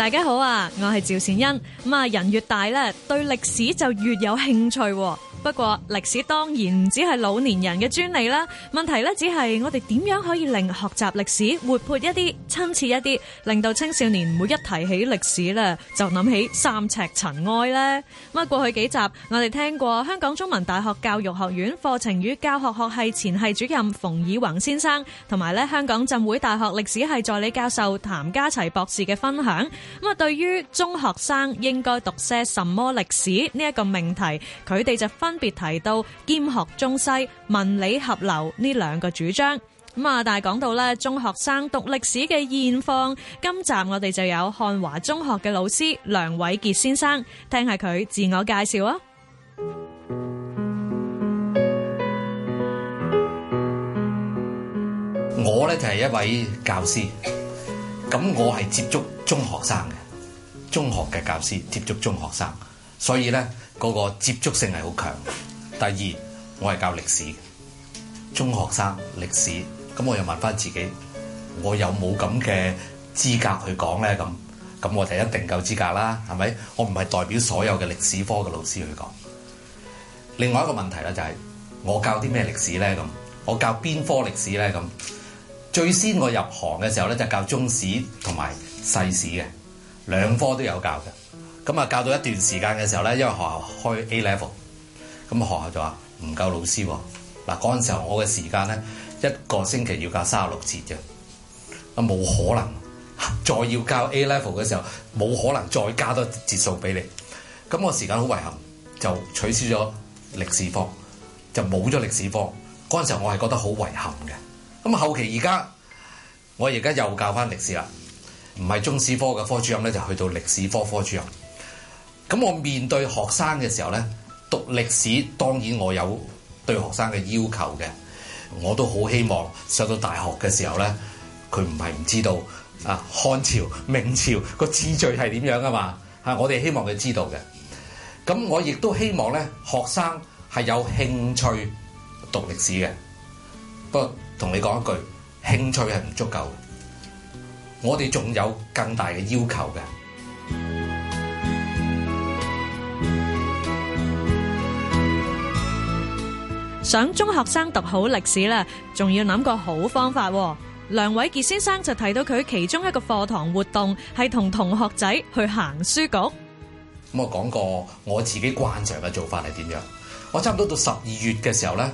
大家好啊，我係趙善恩。人越大咧，對歷史就越有興趣。不過歷史當然唔只係老年人嘅專利啦，問題咧只係我哋點樣可以令學習歷史活潑一啲、親切一啲，令到青少年唔會一提起歷史咧就諗起三尺塵埃咧。咁啊，過去幾集我哋聽過香港中文大學教育學院課程與教學學系前系主任馮以浤先生，同埋咧香港浸會大學歷史系助理教授譚家齊博士嘅分享。咁啊，對於中學生應該讀些什麼歷史呢一個命題，佢哋就分。分別提到兼學中西、文理合流呢兩個主張。咁啊，但係講到咧中學生讀歷史嘅現況，今集我哋就有漢華中學嘅老師梁偉傑先生，聽下佢自我介紹啊。我呢就係一位教師，咁我係接觸中學生嘅中學嘅教師，接觸中學生。所以咧，嗰、那個接觸性係好強。第二，我係教歷史嘅中學生歷史，咁我又問翻自己，我有冇咁嘅資格去講咧？咁咁我就一定夠資格啦，係咪？我唔係代表所有嘅歷史科嘅老師去講。另外一個問題咧就係、是，我教啲咩歷史咧？咁我教邊科歷史咧？咁最先我入行嘅時候咧就是、教中史同埋世史嘅，兩科都有教嘅。咁啊，教到一段時間嘅時候咧，因為學校開 A level，咁學校就話唔夠老師喎。嗱，嗰陣時候我嘅時間咧，一個星期要教三十六節啫，啊冇可能，再要教 A level 嘅時候，冇可能再加多節數俾你。咁我時間好遺憾，就取消咗歷史科，就冇咗歷史科。嗰陣時候我係覺得好遺憾嘅。咁後期而家，我而家又教翻歷史啦，唔係中史科嘅科主任咧，就去到歷史科科主任。咁我面對學生嘅時候呢，讀歷史當然我有對學生嘅要求嘅，我都好希望上到大學嘅時候呢，佢唔係唔知道啊漢朝、明朝個秩序係點樣㗎嘛，吓、啊、我哋希望佢知道嘅。咁我亦都希望呢，學生係有興趣讀歷史嘅。不過同你講一句，興趣係唔足夠，我哋仲有更大嘅要求嘅。想中學生讀好歷史啦，仲要諗個好方法。梁偉傑先生就提到佢其中一個課堂活動係同同學仔去行書局。咁我講過我自己慣常嘅做法係點樣？我差唔多到十二月嘅時候咧，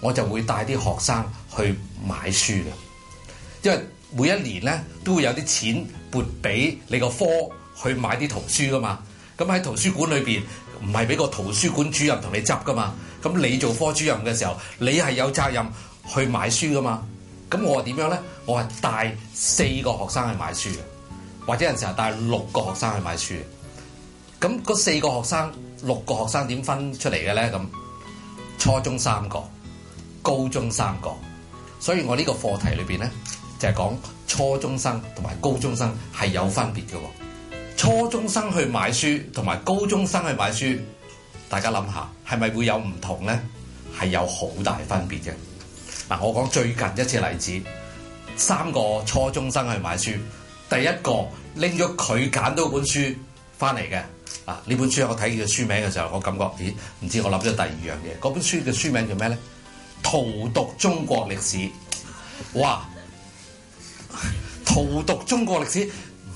我就會帶啲學生去買書嘅，因為每一年咧都會有啲錢撥俾你個科去買啲圖書噶嘛。咁喺圖書館裏邊唔係俾個圖書館主任同你執噶嘛。咁你做科主任嘅時候，你係有責任去買書噶嘛？咁我點樣呢？我係帶四個學生去買書，或者有時候帶六個學生去買書。咁嗰四個學生、六個學生點分出嚟嘅呢？咁初中三個，高中三個。所以我呢個課題裏邊呢，就係講初中生同埋高中生係有分別嘅。初中生去買書，同埋高中生去買書。大家諗下，係咪會有唔同咧？係有好大分別嘅。嗱，我講最近一次例子，三個初中生去買書。第一個拎咗佢揀到本書翻嚟嘅。啊，呢本書我睇佢書名嘅時候，我感覺，咦？唔知我諗咗第二樣嘢。嗰本書嘅書名叫咩咧？《圖讀中國歷史》。哇！《圖讀中國歷史》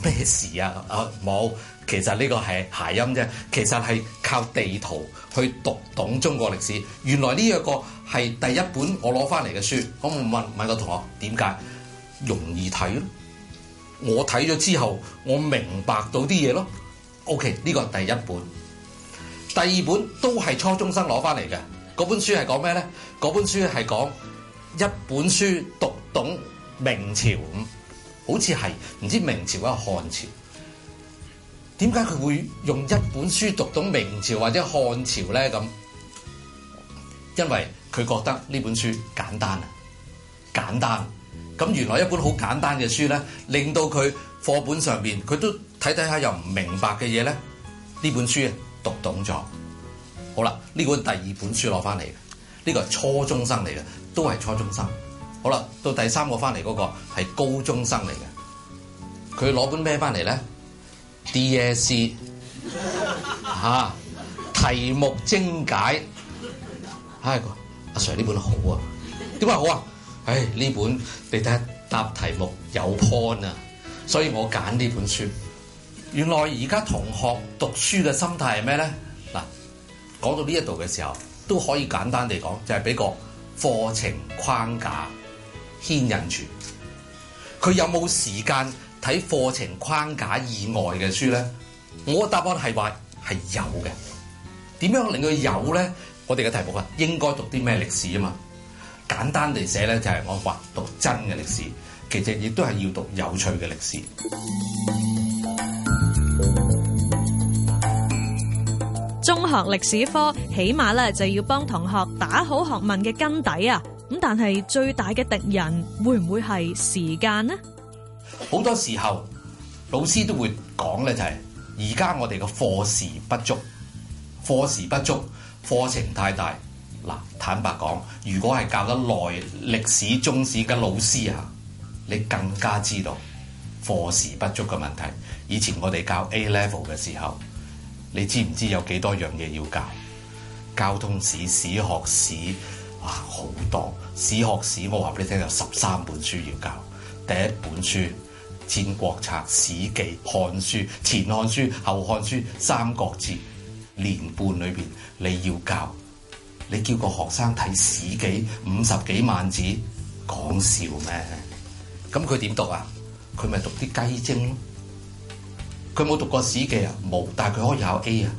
咩事啊？啊冇。其實呢個係諧音啫，其實係靠地圖去讀懂中國歷史。原來呢一個係第一本我攞翻嚟嘅書，我問問個同學點解容易睇咯？我睇咗之後，我明白到啲嘢咯。OK，呢個係第一本，第二本都係初中生攞翻嚟嘅。嗰本書係講咩呢？嗰本書係講一本書讀懂明朝咁，好似係唔知明朝啊、漢朝。點解佢會用一本書讀到明朝或者漢朝呢？咁，因為佢覺得呢本書簡單啊，簡單。咁原來一本好簡單嘅書呢，令到佢課本上面，佢都睇睇下又唔明白嘅嘢呢，呢本書讀懂咗。好啦，呢本第二本書攞翻嚟嘅，呢、呢個係初中生嚟嘅，都係初中生。好啦，到第三個翻嚟嗰個係高中生嚟嘅，佢攞本咩翻嚟呢？D.A.C. 嚇題目精解，哎、啊，阿、啊、Sir 呢本好啊？點解好啊？唉、哎，呢本你睇下，答題目有 point 啊，所以我揀呢本書。原來而家同學讀書嘅心態係咩咧？嗱，講到呢一度嘅時候，都可以簡單地講，就係、是、俾個課程框架牽引住，佢有冇時間？睇課程框架以外嘅書咧，我嘅答案係話係有嘅。點樣令佢有咧？我哋嘅題目啊，應該讀啲咩歷史啊嘛？簡單地寫咧就係、是、我話讀真嘅歷史，其實亦都係要讀有趣嘅歷史。中學歷史科起碼咧就要幫同學打好學問嘅根底啊！咁但係最大嘅敵人會唔會係時間呢？好多時候，老師都會講咧、就是，就係而家我哋嘅課時不足，課時不足，課程太大。嗱，坦白講，如果係教得耐歷史、中史嘅老師啊，你更加知道課時不足嘅問題。以前我哋教 A level 嘅時候，你知唔知有幾多樣嘢要教？交通史、史學史，哇，好多史學史。我話俾你聽，有十三本書要教，第一本書。戰國策、史記、漢書、前漢書、後漢書、三國志、年半裏邊你要教，你叫個學生睇史記五十幾萬字，講笑咩？咁佢點讀啊？佢咪讀啲雞精咯？佢冇讀過史記啊？冇，但係佢可以考 A 啊？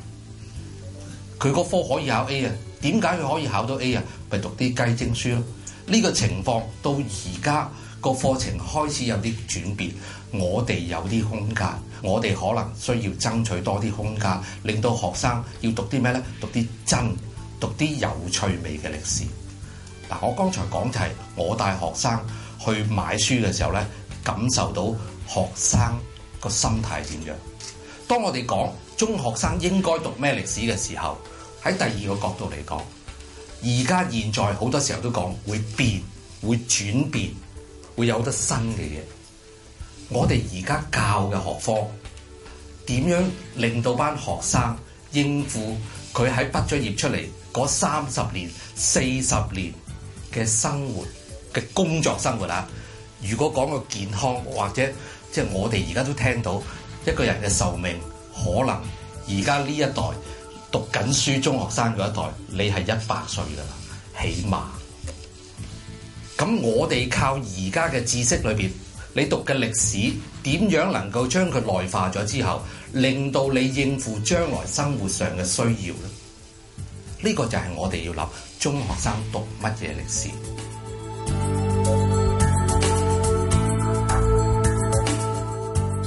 佢嗰科可以考 A 啊？點解佢可以考到 A 啊？咪、就是、讀啲雞精書咯？呢、這個情況到而家個課程開始有啲轉變，我哋有啲空間，我哋可能需要爭取多啲空間，令到學生要讀啲咩呢？讀啲真，讀啲有趣味嘅歷史。嗱，我剛才講就係我帶學生去買書嘅時候呢，感受到學生個心態點樣。當我哋講中學生應該讀咩歷史嘅時候，喺第二個角度嚟講，而家現在好多時候都講會變，會轉變。會有得新嘅嘢。我哋而家教嘅學科，點樣令到班學生應付佢喺畢咗業出嚟嗰三十年、四十年嘅生活嘅工作生活啦？如果講個健康或者即係、就是、我哋而家都聽到一個人嘅壽命，可能而家呢一代讀緊書中學生嗰一代，你係一百歲㗎啦，起碼。咁我哋靠而家嘅知識裏面，你讀嘅歷史點樣能夠將佢內化咗之後，令到你應付將來生活上嘅需要咧？呢個就係我哋要諗中學生讀乜嘢歷史。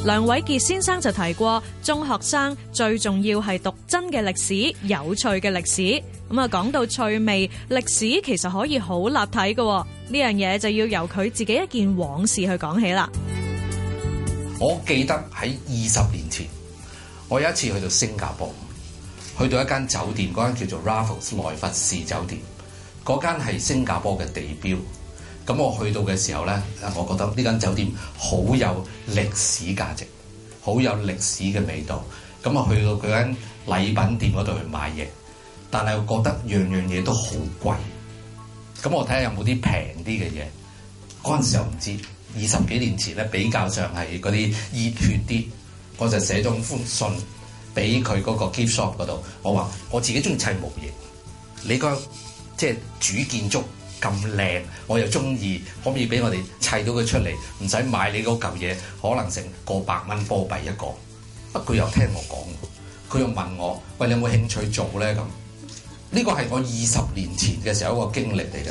梁偉傑先生就提過，中學生最重要係讀真嘅歷史，有趣嘅歷史。咁啊，講到趣味歷史，其實可以好立體嘅呢樣嘢，就要由佢自己一件往事去講起啦。我記得喺二十年前，我有一次去到新加坡，去到一間酒店，嗰間叫做 Raffles 萊佛士酒店，嗰間係新加坡嘅地標。咁我去到嘅時候咧，我覺得呢間酒店好有歷史價值，好有歷史嘅味道。咁我去到佢間禮品店嗰度去買嘢，但係我覺得樣樣嘢都好貴。咁我睇下有冇啲平啲嘅嘢。嗰陣時候唔知二十幾年前咧，比較上係嗰啲熱血啲，我就寫咗封信俾佢嗰個 gift shop 嗰度，我話我自己中意砌模型，你個即係主建築。咁靚，我又中意，可唔可以俾我哋砌到佢出嚟？唔使買你嗰嚿嘢，可能成過百蚊波幣一個。啊，佢又聽我講，佢又問我：喂，你有冇興趣做咧？咁呢個係我二十年前嘅時候一個經歷嚟噶。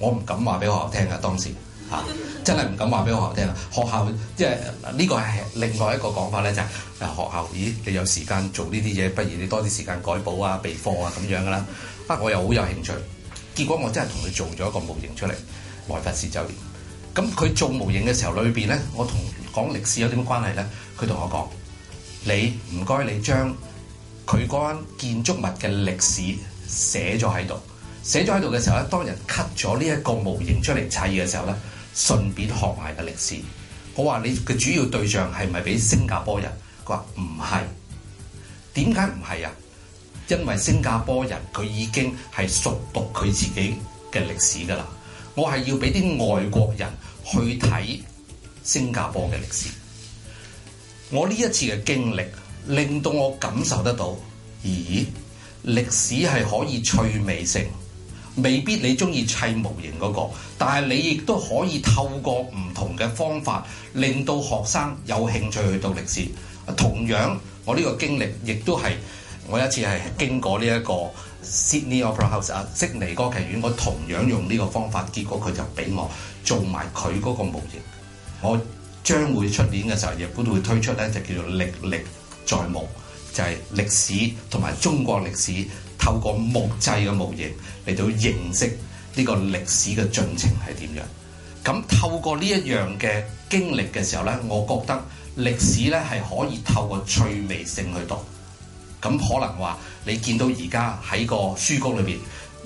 我唔敢話俾學校聽噶，當時嚇、啊、真係唔敢話俾學校聽啊。學校即係呢個係另外一個講法咧，就係、是、學校咦，你有時間做呢啲嘢，不如你多啲時間改補啊、備課啊咁樣噶啦。啊，我又好有興趣。結果我真係同佢做咗一個模型出嚟，萊佛士酒店。咁佢做模型嘅時候，裏邊咧，我同講歷史有啲乜關係咧？佢同我講：你唔該，你將佢嗰間建築物嘅歷史寫咗喺度，寫咗喺度嘅時候咧，當人 cut 咗呢一個模型出嚟砌嘅時候咧，順便學埋個歷史。我話你嘅主要對象係咪俾新加坡人？佢話唔係，點解唔係啊？因為新加坡人佢已經係熟讀佢自己嘅歷史㗎啦，我係要俾啲外國人去睇新加坡嘅歷史。我呢一次嘅經歷令到我感受得到，咦，歷史係可以趣味性，未必你中意砌模型嗰個，但係你亦都可以透過唔同嘅方法令到學生有興趣去讀歷史。同樣，我呢個經歷亦都係。我一次係經過呢一個 Sydney Opera House、啊、悉尼歌劇院，我同樣用呢個方法，結果佢就俾我做埋佢嗰個模型。我將會出年嘅時候，日本會推出咧，就叫做歷歷在目，就係、是、歷史同埋中國歷史，透過木製嘅模型嚟到認識呢個歷史嘅進程係點樣。咁透過呢一樣嘅經歷嘅時候咧，我覺得歷史咧係可以透過趣味性去讀。咁可能話你見到而家喺個書局裏邊，誒、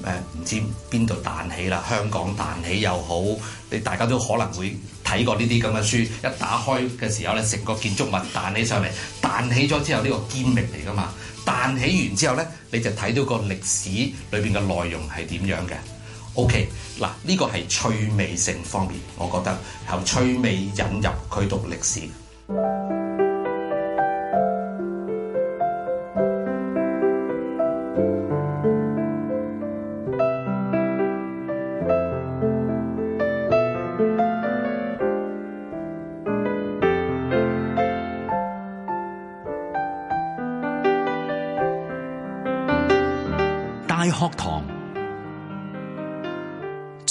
呃、唔知邊度彈起啦，香港彈起又好，你大家都可能會睇過呢啲咁嘅書。一打開嘅時候咧，成個建築物彈起上嚟，彈起咗之後呢、呢個堅明嚟噶嘛，彈起完之後咧，你就睇到個歷史裏邊嘅內容係點樣嘅。OK，嗱呢、呢個係趣味性方面，我覺得由趣味引入佢讀歷史。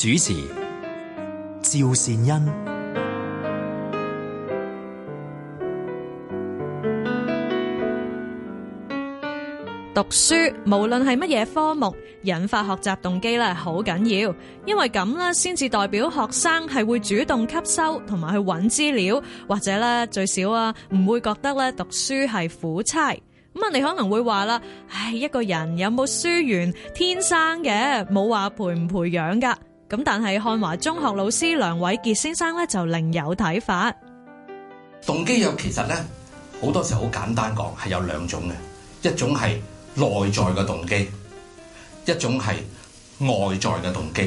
主持趙善恩讀書，無論係乜嘢科目，引發學習動機咧，好緊要，因為咁咧，先至代表學生係會主動吸收，同埋去揾資料，或者咧最少啊，唔會覺得咧讀書係苦差。咁啊，你可能會話啦，唉，一個人有冇書緣天生嘅，冇話培唔培養噶。咁但係漢華中學老師梁偉杰先生咧就另有睇法。動機有其實咧好多時候好簡單講係有兩種嘅，一種係內在嘅動機，一種係外在嘅動機。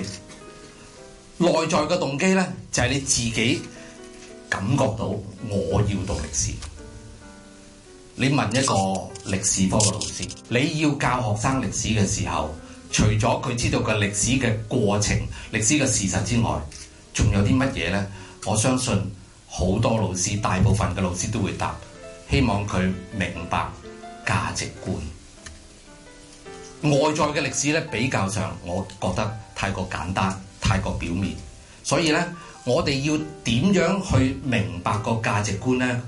內在嘅動機咧就係你自己感覺到我要讀歷史。你問一個歷史科嘅老師，你要教學生歷史嘅時候。除咗佢知道嘅歷史嘅過程、歷史嘅事實之外，仲有啲乜嘢咧？我相信好多老師，大部分嘅老師都會答。希望佢明白價值觀。外在嘅歷史咧，比較上我覺得太過簡單，太過表面。所以咧，我哋要點樣去明白個價值觀咧？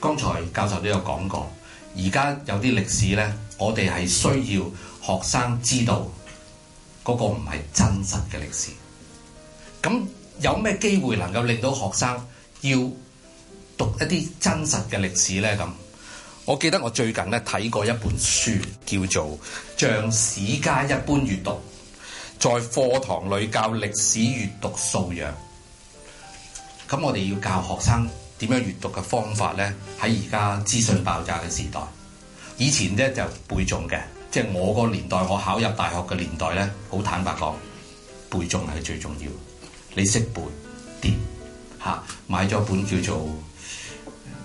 剛才教授都有講過，而家有啲歷史咧，我哋係需要學生知道。嗰個唔係真實嘅歷史，咁有咩機會能夠令到學生要讀一啲真實嘅歷史呢？咁，我記得我最近咧睇過一本書，叫做《像史家一般閱讀》，在課堂裏教歷史閱讀素養。咁我哋要教學生點樣閱讀嘅方法呢？喺而家資訊爆炸嘅時代，以前咧就背誦嘅。即係我個年代，我考入大學嘅年代咧，好坦白講，背誦係最重要。你識背啲嚇、啊，買咗本叫做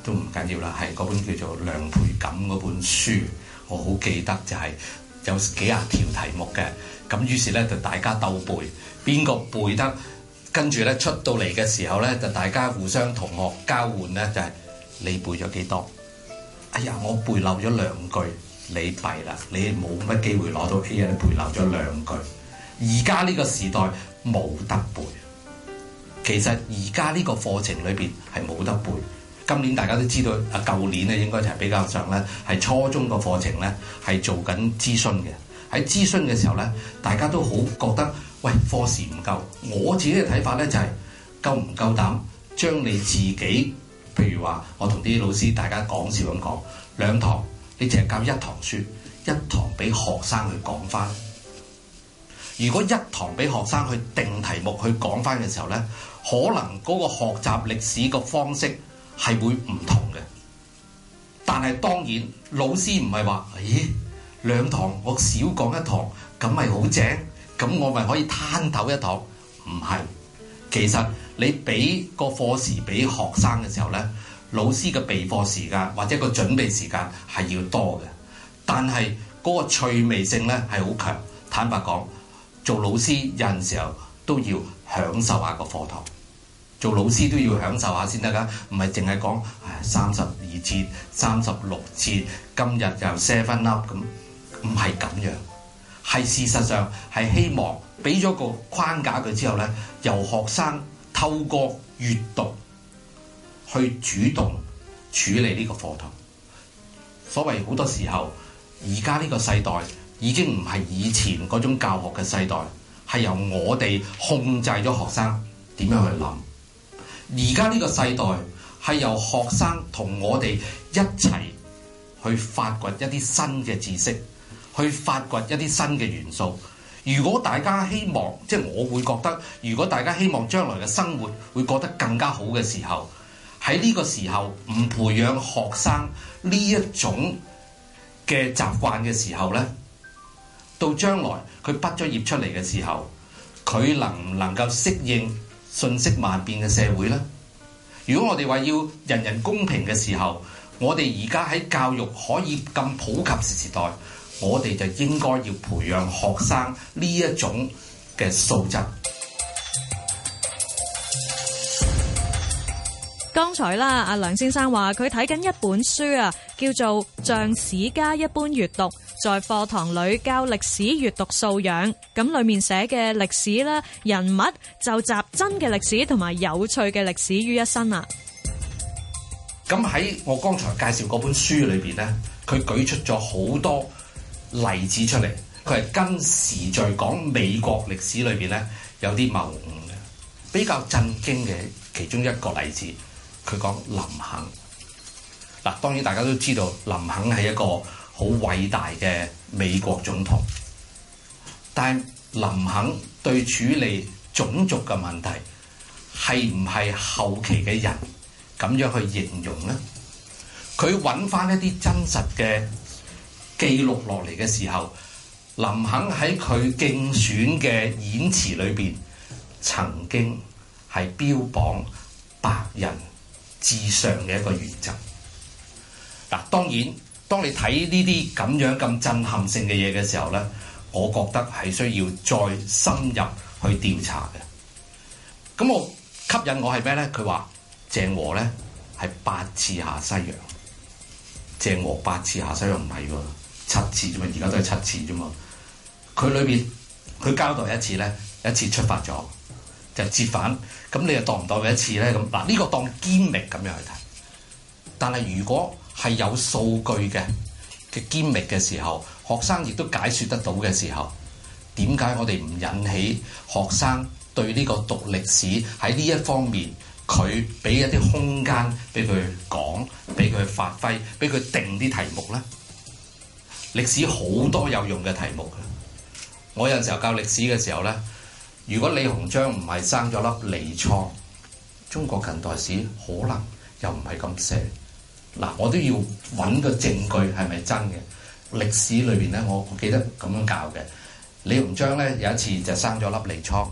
都唔緊要啦，係嗰本叫做梁培錦嗰本書，我好記得就係、是、有幾廿條題目嘅。咁於是咧就大家鬥背，邊個背得？跟住咧出到嚟嘅時候咧，就大家互相同學交換咧，就係、是、你背咗幾多？哎呀，我背漏咗兩句。你弊啦，你冇乜機會攞到 A 啊，你背漏咗兩句，而家呢個時代冇得背。其實而家呢個課程裏邊係冇得背。今年大家都知道，啊舊年咧應該就係比較上咧係初中嘅課程咧係做緊諮詢嘅。喺諮詢嘅時候咧，大家都好覺得喂，課時唔夠。我自己嘅睇法咧就係夠唔夠膽將你自己，譬如話我同啲老師大家講笑咁講兩堂。你淨係教一堂書，一堂俾學生去講翻。如果一堂俾學生去定題目去講翻嘅時候呢，可能嗰個學習歷史嘅方式係會唔同嘅。但係當然，老師唔係話，咦、哎，兩堂我少講一堂，咁咪好正？咁我咪可以攤抖一堂？唔係。其實你俾個課時俾學生嘅時候呢。老師嘅備課時間或者個準備時間係要多嘅，但係嗰個趣味性咧係好強。坦白講，做老師有陣時候都要享受下個課堂。做老師都要享受下先得噶，唔係淨係講唉，三十二次、三十六次，今日又 Seven Up 咁，唔係咁樣。係事實上係希望俾咗個框架佢之後咧，由學生透過閱讀。去主動處理呢個課堂。所謂好多時候，而家呢個世代已經唔係以前嗰種教學嘅世代，係由我哋控制咗學生點樣去諗。而家呢個世代係由學生同我哋一齊去發掘一啲新嘅知識，去發掘一啲新嘅元素。如果大家希望，即係我會覺得，如果大家希望將來嘅生活會覺得更加好嘅時候。喺呢個時候唔培養學生呢一種嘅習慣嘅時候呢，到將來佢畢咗業出嚟嘅時候，佢能唔能夠適應信息萬變嘅社會呢？如果我哋話要人人公平嘅時候，我哋而家喺教育可以咁普及時代，我哋就應該要培養學生呢一種嘅素質。剛才啦，阿梁先生話佢睇緊一本書啊，叫做《像史家一般閱讀》，在課堂裏教歷史閱讀素養。咁裏面寫嘅歷史咧，人物就集真嘅歷史同埋有趣嘅歷史於一身啦。咁喺我剛才介紹嗰本書裏邊咧，佢舉出咗好多例子出嚟，佢係跟時序講美國歷史裏邊咧有啲謬誤嘅，比較震驚嘅其中一個例子。佢講林肯嗱，當然大家都知道林肯係一個好偉大嘅美國總統，但林肯對處理種族嘅問題係唔係後期嘅人咁樣去形容呢？佢揾返一啲真實嘅記錄落嚟嘅時候，林肯喺佢競選嘅演詞裏邊曾經係標榜白人至上嘅一個原則。嗱，當然，當你睇呢啲咁樣咁震撼性嘅嘢嘅時候咧，我覺得係需要再深入去調查嘅。咁我吸引我係咩咧？佢話鄭和咧係八次下西洋，鄭和八次下西洋唔係喎，七次啫嘛，而家都係七次啫嘛。佢裏邊佢交代一次咧，一次出發咗就折返。咁你又當唔當佢一次呢？咁嗱，呢個當堅力咁樣去睇，但係如果係有數據嘅嘅堅力嘅時候，學生亦都解説得到嘅時候，點解我哋唔引起學生對呢個讀歷史喺呢一方面，佢俾一啲空間俾佢講，俾佢發揮，俾佢定啲題目呢？歷史好多有用嘅題目嘅，我有時候教歷史嘅時候呢。如果李鴻章唔係生咗粒脷瘡，中國近代史可能又唔係咁寫。嗱，我都要揾個證據係咪真嘅？歷史裏邊咧，我我記得咁樣教嘅李鴻章咧，有一次就生咗粒脷瘡，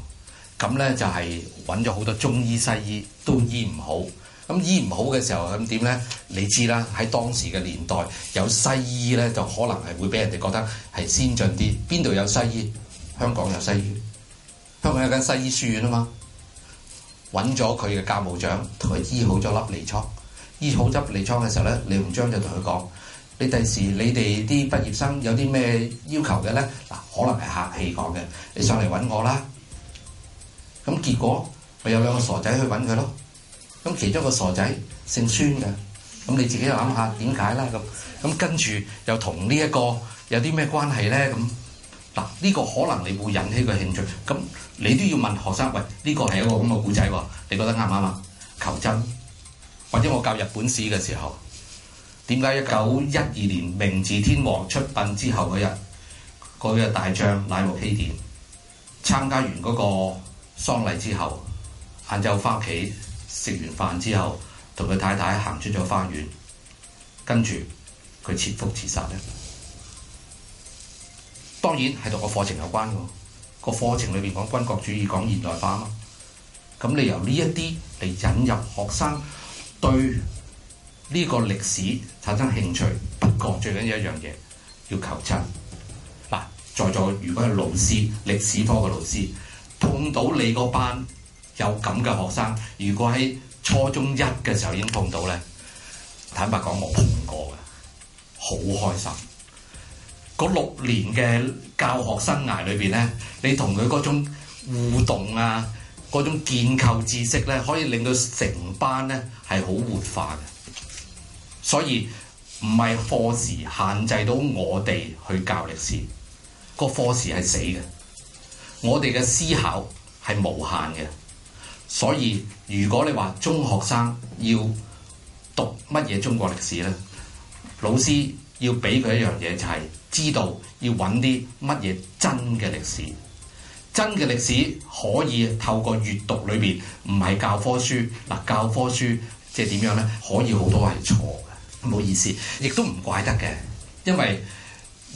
咁咧就係揾咗好多中醫西醫都醫唔好。咁醫唔好嘅時候咁點咧？你知啦，喺當時嘅年代有西醫咧，就可能係會俾人哋覺得係先進啲。邊度有西醫？香港有西醫。香港有間西醫書院啊嘛，揾咗佢嘅教務長，同佢醫好咗粒離瘡。醫好咗粒離瘡嘅時候咧，李鴻章就同佢講：你第時你哋啲畢業生有啲咩要求嘅咧？嗱，可能係客氣講嘅，你上嚟揾我啦。咁結果，咪有兩個傻仔去揾佢咯。咁其中一個傻仔姓孫嘅，咁你自己諗下點解啦？咁，咁跟住又同呢一個有啲咩關係咧？咁。嗱，呢個可能你會引起佢興趣，咁你都要問學生：喂，呢、這個係一個咁嘅古仔喎，你覺得啱唔啱？求真，或者我教日本史嘅時候，點解一九一二年明治天皇出殯之後嗰日，嗰、那個大將乃木希典參加完嗰個喪禮之後，晏晝翻屋企食完飯之後，同佢太太行出咗花園，跟住佢切腹自殺呢？當然係同個課程有關嘅，個課程裏邊講軍國主義、講現代化啊嘛。咁你由呢一啲嚟引入學生對呢個歷史產生興趣，不過最緊要一樣嘢要求真。嗱，在座如果係老師，歷史科嘅老師，碰到你嗰班有咁嘅學生，如果喺初中一嘅時候已經碰到咧，坦白講我碰過嘅，好開心。嗰六年嘅教學生涯裏邊，呢你同佢嗰種互動啊，嗰種建構知識呢，可以令到成班呢係好活化嘅。所以唔係課時限制到我哋去教歷史，個課時係死嘅。我哋嘅思考係無限嘅。所以如果你話中學生要讀乜嘢中國歷史呢，老師要俾佢一樣嘢就係、是。知道要揾啲乜嘢真嘅歷史，真嘅歷史可以透過閱讀裏邊唔係教科書，嗱，教科書即係點樣咧？可以好多係錯嘅，唔好意思，亦都唔怪得嘅，因為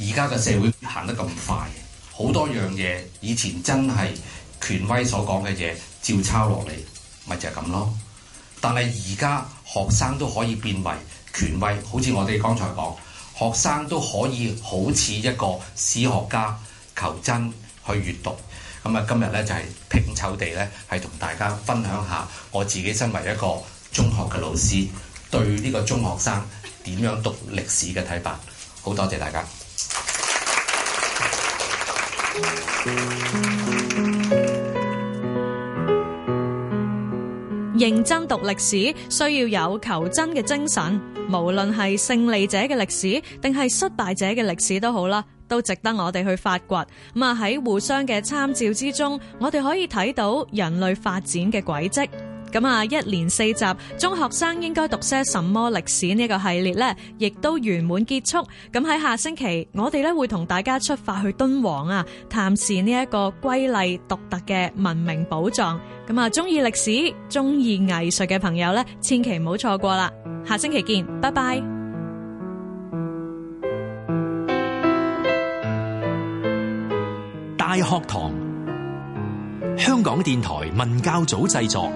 而家嘅社會行得咁快，好多樣嘢以前真係權威所講嘅嘢，照抄落嚟，咪就係咁咯。但係而家學生都可以變為權威，好似我哋剛才講。學生都可以好似一個史學家求真去閱讀。咁啊，今日咧就係拼湊地咧，係同大家分享下我自己身為一個中學嘅老師，對呢個中學生點樣讀歷史嘅睇法。好多謝大家。嗯認真讀歷史，需要有求真嘅精神。無論係勝利者嘅歷史，定係失敗者嘅歷史都好啦，都值得我哋去發掘。咁啊，喺互相嘅參照之中，我哋可以睇到人類發展嘅軌跡。咁啊，一連四集中學生應該讀些什麼歷史呢？呢個系列呢，亦都圓滿結束。咁喺下星期，我哋呢會同大家出發去敦煌啊，探視呢一個瑰麗獨特嘅文明寶藏。咁啊，中意歷史、中意藝術嘅朋友呢，千祈唔好錯過啦！下星期見，拜拜。大學堂，香港電台文教組製作。